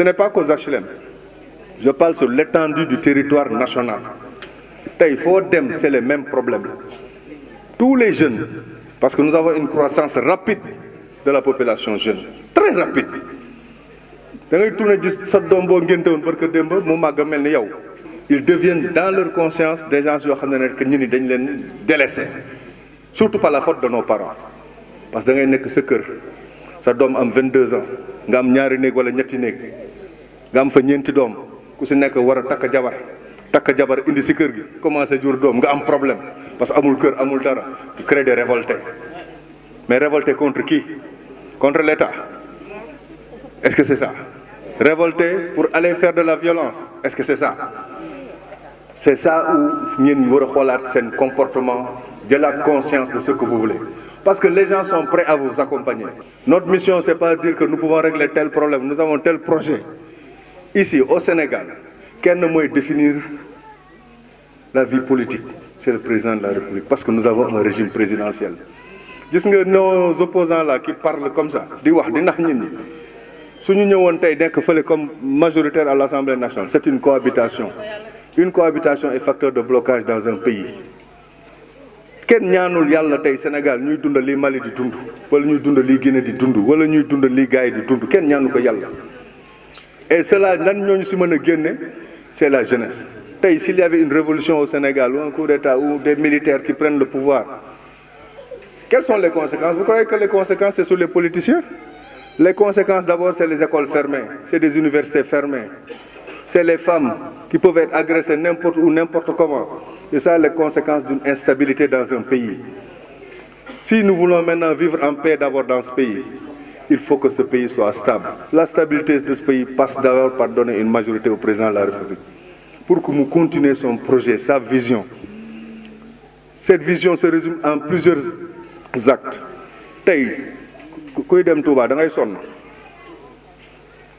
Ce n'est pas qu'aux HLM. Je parle sur l'étendue du territoire national. Il c'est le même problème. Tous les jeunes, parce que nous avons une croissance rapide de la population jeune. Très rapide. Ils deviennent dans leur conscience des gens qui ont délaissés. Surtout par la faute de nos parents. Parce que vous êtes ce cœur. Sa dom 22 ans. Vous avez gam fa ku a jabar jabar indi kër gi commencé problème parce que amul des révoltés mais révolté contre qui contre l'État est-ce que c'est ça Révolter pour aller faire de la violence est-ce que c'est ça c'est ça où nous war a sen comportement de la conscience de ce que vous voulez parce que les gens sont prêts à vous accompagner notre mission c'est pas dire que nous pouvons régler tel problème nous avons tel projet ici au Sénégal que mooy définir la vie politique c'est le président de la République parce que nous avons un régime présidentiel Juste nos opposants là qui parlent comme ça di wax di nax nit comme majoritaire à l'Assemblée nationale c'est une cohabitation une cohabitation est facteur de blocage dans un pays nous ñaanul le tey Sénégal ñuy dund li Mali di dund nous, ñuy dund li Guinée di dund wala ñuy dund li gars di dund nous ñaanu nous et cela, c'est la jeunesse. S'il y avait une révolution au Sénégal ou un coup d'État ou des militaires qui prennent le pouvoir, quelles sont les conséquences Vous croyez que les conséquences, c'est sur les politiciens Les conséquences, d'abord, c'est les écoles fermées, c'est des universités fermées, c'est les femmes qui peuvent être agressées n'importe où, n'importe comment. Et ça, les conséquences d'une instabilité dans un pays. Si nous voulons maintenant vivre en paix d'abord dans ce pays, il faut que ce pays soit stable. La stabilité de ce pays passe d'abord par donner une majorité au président de la République pour que nous continuions son projet, sa vision. Cette vision se résume en plusieurs actes.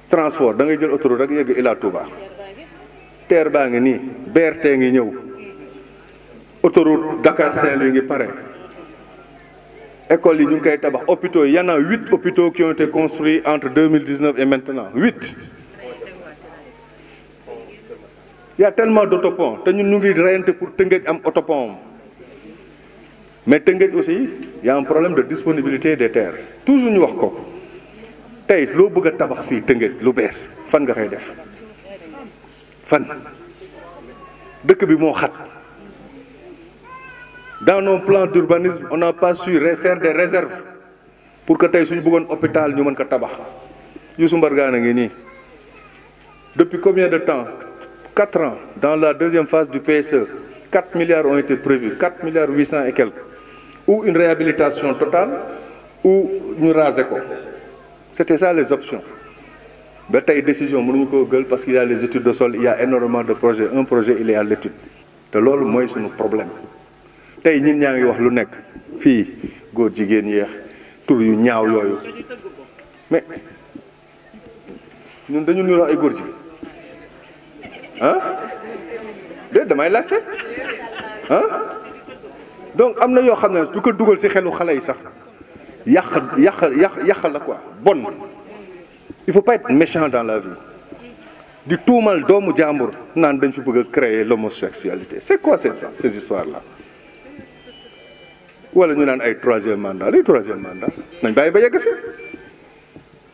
transport dans les jël autoroute rek yegg Ila Touba terre tu es nii ngi ñëw autoroute Dakar Saint-Louis ngi pare écoles hôpitaux Il y en a 8 hôpitaux qui ont été construits entre 2019 et maintenant 8 Il y a tellement d'autopom. Nous te ñun ñu pour Tëngéej am autopont mais Tëngéej aussi y a un problème de disponibilité des terres toujours ñu wax ko tey loo bëgg a tabax l'eau baisse. lu fan nga def fan dëkk bi moo xat dans nos plans d'urbanisme on n'a pas su refaire des réserves pour que tu suñu un hôpital ñu depuis combien de temps 4 ans dans la deuxième phase du PSE 4 milliards ont été prévus 4 milliards et quelques ou une réhabilitation totale ou une rase c'était ça les options ba y décision des ko parce qu'il y a les études de sol il y a énormément de projets un projet il est à l'étude te loolu sont nos problème tay ñun ñangi wax lu nekk fi goor jigen yeex tur yu ñaaw yoyu mais ñun dañu niroo ay goor ji hein déet damay laajte hein donc amna yo xamna du ko duggal ci xelu xale yi sax yàq yàq yàq yàq la quoi bonne il faut pas être méchant dans la vie di tuumal doomu jambour nan dañ fi bëgg créer l'homosexualité c'est quoi cette ces histoires là wala ñu nous ay troisième mandat le troisième mandat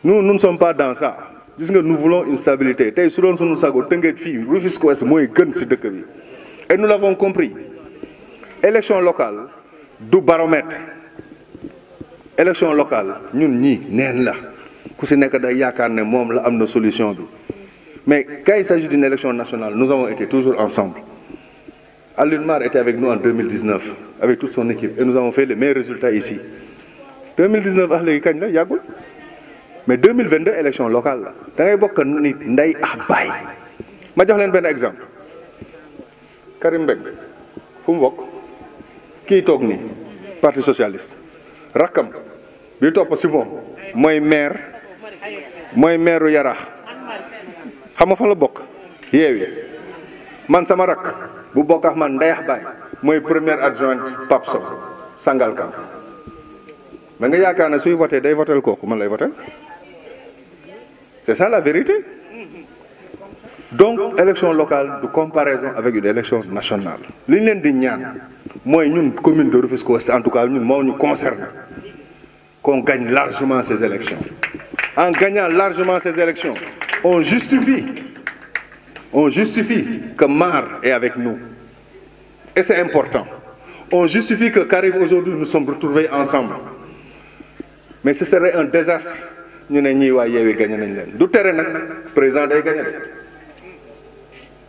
nous nous ne sommes pas dans ça nous voulons une stabilité et nous l'avons compris élection locale du baromètre élection locale nous nous sommes la nous avons une solution mais quand il s'agit d'une élection nationale nous avons été toujours ensemble Alunmar était avec nous en 2019, avec toute son équipe, et nous avons fait les meilleurs résultats ici. 2019, ah, mais 2022, élection locale. Je vais vous un exemple. Karim Beng, qui est le Parti Socialiste. Rakam, bi possible. moi, moom moi, maire Je maireu Yaraax xam nga fa la bokk man sama bu bokk ak man premier baay mooy première adjointe Pape Sangal Sangalkam mais nga yaakaar ne suy voté day votel kooku man lay votel c'est ça la vérité donc élection locale de comparaison avec une élection nationale liñ leen di ñaan mooy ñun commune de Rufisque Ouest en tout cas ñun moo ñu concerne. qu'on gagne largement ces élections en gagnant largement ces élections on justifie on justifie que Mar est avec nous. Et c'est important. On justifie que Karim, aujourd'hui, nous sommes retrouvés ensemble. Mais ce serait un désastre. Nous n'avons pas gagné. terrain, le président a gagné.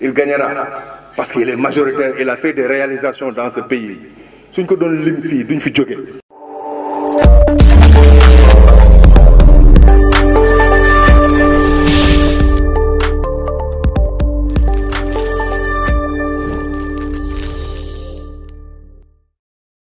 Il gagnera. Parce qu'il est majoritaire. Il a fait des réalisations dans ce pays. nous